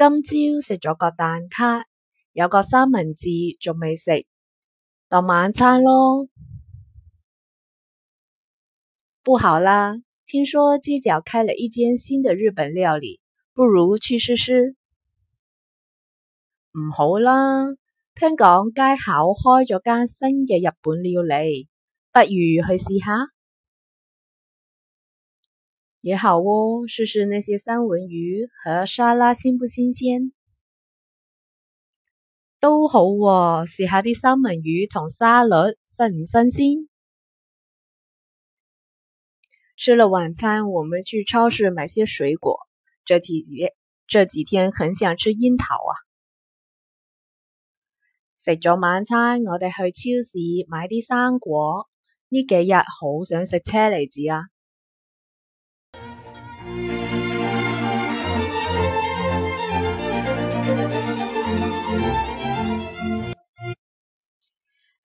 今朝食咗個蛋撻，有個三文治仲未食，當晚餐咯。不好啦，聽說街角開了一間新的日本料理，不如去試試。唔好啦，聽講街口開咗間新嘅日本料理，不如去試下。也好哦，試試那些三文魚和沙拉新不新鮮？都好喔、哦，試下啲三文魚同沙律新唔新鮮？吃了晚餐，我們去超市買些水果。這次這幾天很想吃櫻桃啊！食咗晚餐，我哋去超市買啲生果。呢幾日好想食車厘子啊！